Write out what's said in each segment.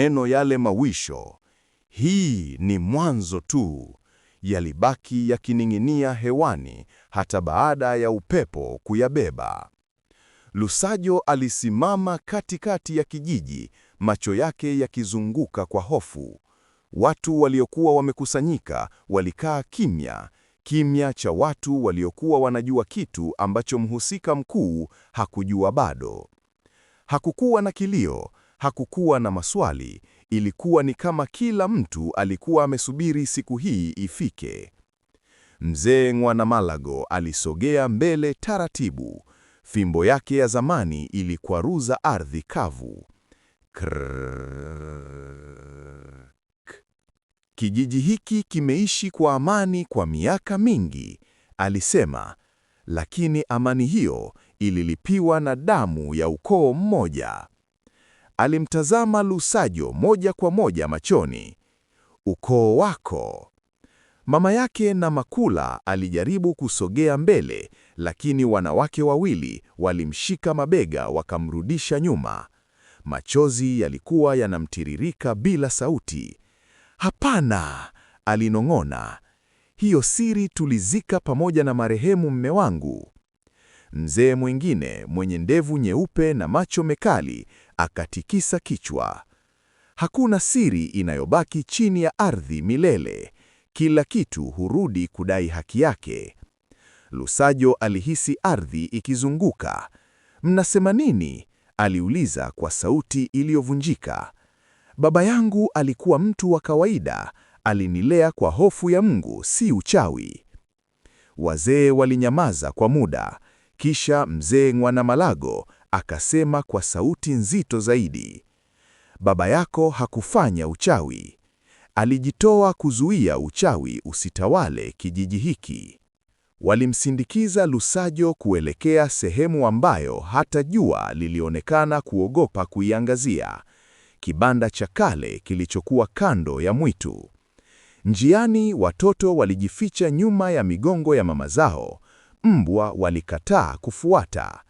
Neno yale mawisho, hii ni mwanzo tu, yalibaki yakining'inia hewani hata baada ya upepo kuyabeba. Lusajo alisimama katikati ya kijiji, macho yake yakizunguka kwa hofu. Watu waliokuwa wamekusanyika walikaa kimya, kimya cha watu waliokuwa wanajua kitu ambacho mhusika mkuu hakujua bado. Hakukuwa na kilio, hakukuwa na maswali, ilikuwa ni kama kila mtu alikuwa amesubiri siku hii ifike. Mzee Ngwanamalago alisogea mbele taratibu, fimbo yake ya zamani ilikwaruza ardhi kavu. Krrrr. Kijiji hiki kimeishi kwa amani kwa miaka mingi, alisema, lakini amani hiyo ililipiwa na damu ya ukoo mmoja. Alimtazama Lusajo moja kwa moja machoni. Ukoo wako. Mama yake na Makula alijaribu kusogea mbele, lakini wanawake wawili walimshika mabega wakamrudisha nyuma. Machozi yalikuwa yanamtiririka bila sauti. Hapana, alinong'ona. Hiyo siri tulizika pamoja na marehemu mme wangu. Mzee mwingine mwenye ndevu nyeupe na macho mekali akatikisa kichwa. Hakuna siri inayobaki chini ya ardhi milele. Kila kitu hurudi kudai haki yake. Lusajo alihisi ardhi ikizunguka. Mnasema nini? aliuliza kwa sauti iliyovunjika. Baba yangu alikuwa mtu wa kawaida, alinilea kwa hofu ya Mungu, si uchawi. Wazee walinyamaza kwa muda, kisha mzee Ngwanamalago akasema kwa sauti nzito zaidi, baba yako hakufanya uchawi, alijitoa kuzuia uchawi usitawale kijiji hiki. Walimsindikiza Lusajo kuelekea sehemu ambayo hata jua lilionekana kuogopa kuiangazia, kibanda cha kale kilichokuwa kando ya mwitu. Njiani watoto walijificha nyuma ya migongo ya mama zao, mbwa walikataa kufuata.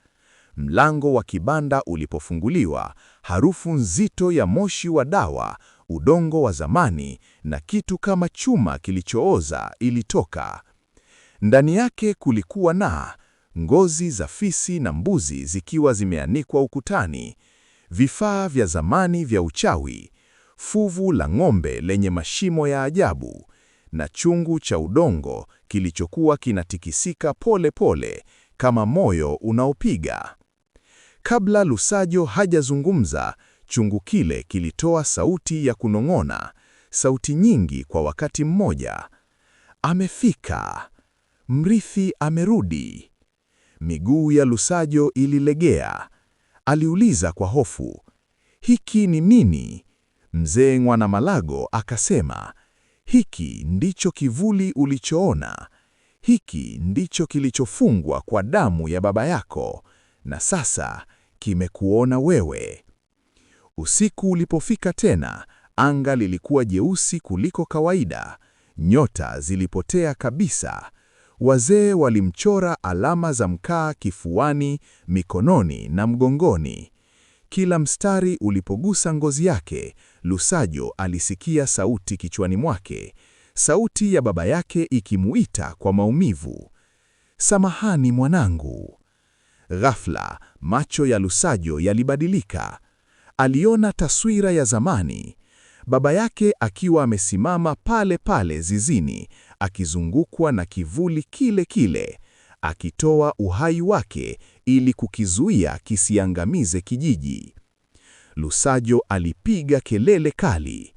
Mlango wa kibanda ulipofunguliwa, harufu nzito ya moshi wa dawa, udongo wa zamani na kitu kama chuma kilichooza ilitoka. Ndani yake kulikuwa na ngozi za fisi na mbuzi zikiwa zimeanikwa ukutani, vifaa vya zamani vya uchawi, fuvu la ng'ombe lenye mashimo ya ajabu na chungu cha udongo kilichokuwa kinatikisika pole pole kama moyo unaopiga. Kabla Lusajo hajazungumza, chungu kile kilitoa sauti ya kunong'ona, sauti nyingi kwa wakati mmoja. Amefika. Mrithi amerudi. Miguu ya Lusajo ililegea. Aliuliza kwa hofu, hiki ni nini? Mzee Mwanamalago akasema, hiki ndicho kivuli ulichoona, hiki ndicho kilichofungwa kwa damu ya baba yako, na sasa kimekuona wewe. Usiku ulipofika tena, anga lilikuwa jeusi kuliko kawaida, nyota zilipotea kabisa. Wazee walimchora alama za mkaa kifuani, mikononi na mgongoni. Kila mstari ulipogusa ngozi yake, Lusajo alisikia sauti kichwani mwake, sauti ya baba yake ikimuita kwa maumivu. Samahani mwanangu. Ghafla macho ya Lusajo yalibadilika. Aliona taswira ya zamani, baba yake akiwa amesimama pale pale zizini, akizungukwa na kivuli kile kile, akitoa uhai wake ili kukizuia kisiangamize kijiji. Lusajo alipiga kelele kali.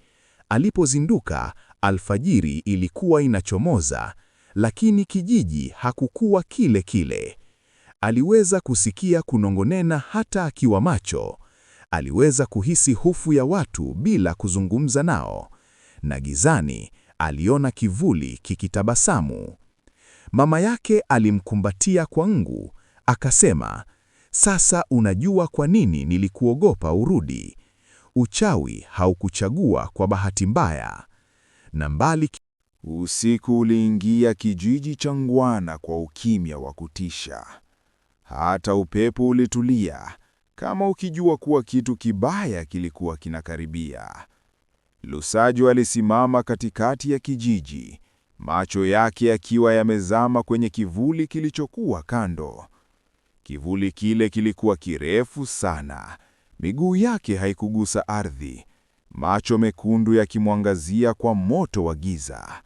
Alipozinduka, alfajiri ilikuwa inachomoza, lakini kijiji hakukuwa kile kile. Aliweza kusikia kunongonena hata akiwa macho. Aliweza kuhisi hofu ya watu bila kuzungumza nao. Na gizani aliona kivuli kikitabasamu. Mama yake alimkumbatia kwa ngu, akasema, "Sasa unajua kwa nini nilikuogopa urudi. Uchawi haukuchagua kwa bahati mbaya." Na mbali usiku uliingia kijiji cha Ngwana kwa ukimya wa kutisha. Hata upepo ulitulia, kama ukijua kuwa kitu kibaya kilikuwa kinakaribia. lusaju alisimama katikati ya kijiji, macho yake yakiwa yamezama kwenye kivuli kilichokuwa kando. Kivuli kile kilikuwa kirefu sana, miguu yake haikugusa ardhi, macho mekundu yakimwangazia kwa moto wa giza.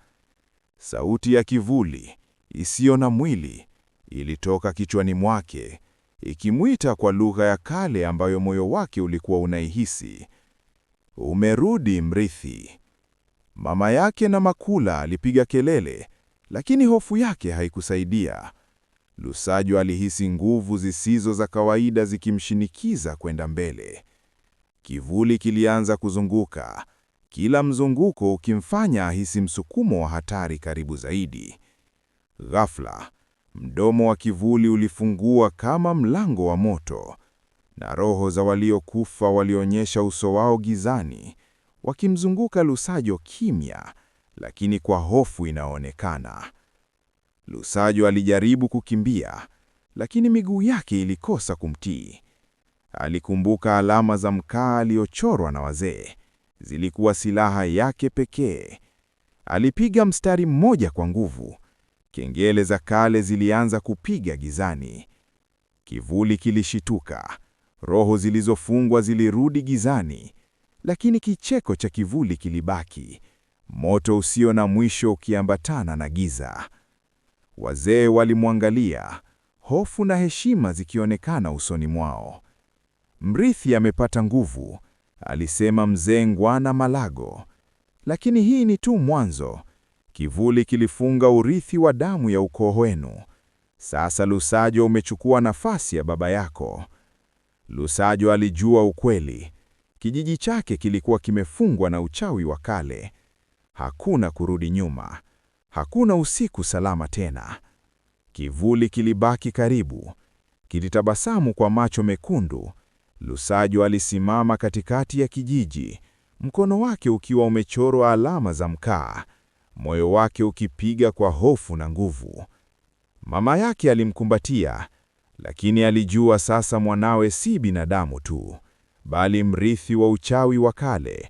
Sauti ya kivuli isiyo na mwili ilitoka kichwani mwake ikimwita kwa lugha ya kale ambayo moyo wake ulikuwa unaihisi. Umerudi mrithi. Mama yake na Makula alipiga kelele, lakini hofu yake haikusaidia. Lusajo alihisi nguvu zisizo za kawaida zikimshinikiza kwenda mbele. Kivuli kilianza kuzunguka, kila mzunguko ukimfanya ahisi msukumo wa hatari karibu zaidi. Ghafla, Mdomo wa kivuli ulifungua kama mlango wa moto, na roho za waliokufa walionyesha uso wao gizani, wakimzunguka Lusajo kimya, lakini kwa hofu inaonekana. Lusajo alijaribu kukimbia, lakini miguu yake ilikosa kumtii. Alikumbuka alama za mkaa aliyochorwa na wazee. Zilikuwa silaha yake pekee. Alipiga mstari mmoja kwa nguvu, Kengele za kale zilianza kupiga gizani. Kivuli kilishituka, roho zilizofungwa zilirudi gizani, lakini kicheko cha kivuli kilibaki, moto usio na mwisho ukiambatana na giza. Wazee walimwangalia, hofu na heshima zikionekana usoni mwao. Mrithi amepata nguvu, alisema mzee Ngwana Malago, lakini hii ni tu mwanzo. Kivuli kilifunga urithi wa damu ya ukoo wenu. Sasa Lusajo umechukua nafasi ya baba yako. Lusajo alijua ukweli. Kijiji chake kilikuwa kimefungwa na uchawi wa kale. Hakuna kurudi nyuma. Hakuna usiku salama tena. Kivuli kilibaki karibu. Kilitabasamu kwa macho mekundu. Lusajo alisimama katikati ya kijiji, mkono wake ukiwa umechorwa alama za mkaa moyo wake ukipiga kwa hofu na nguvu. Mama yake alimkumbatia, lakini alijua sasa mwanawe si binadamu tu, bali mrithi wa uchawi wa kale.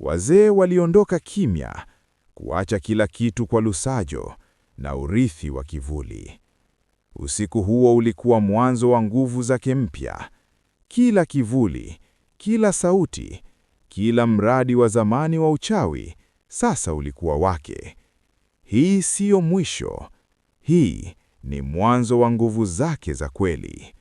Wazee waliondoka kimya, kuacha kila kitu kwa Lusajo na urithi wa kivuli. Usiku huo ulikuwa mwanzo wa nguvu zake mpya. Kila kivuli, kila sauti, kila mradi wa zamani wa uchawi sasa ulikuwa wake. Hii siyo mwisho, hii ni mwanzo wa nguvu zake za kweli.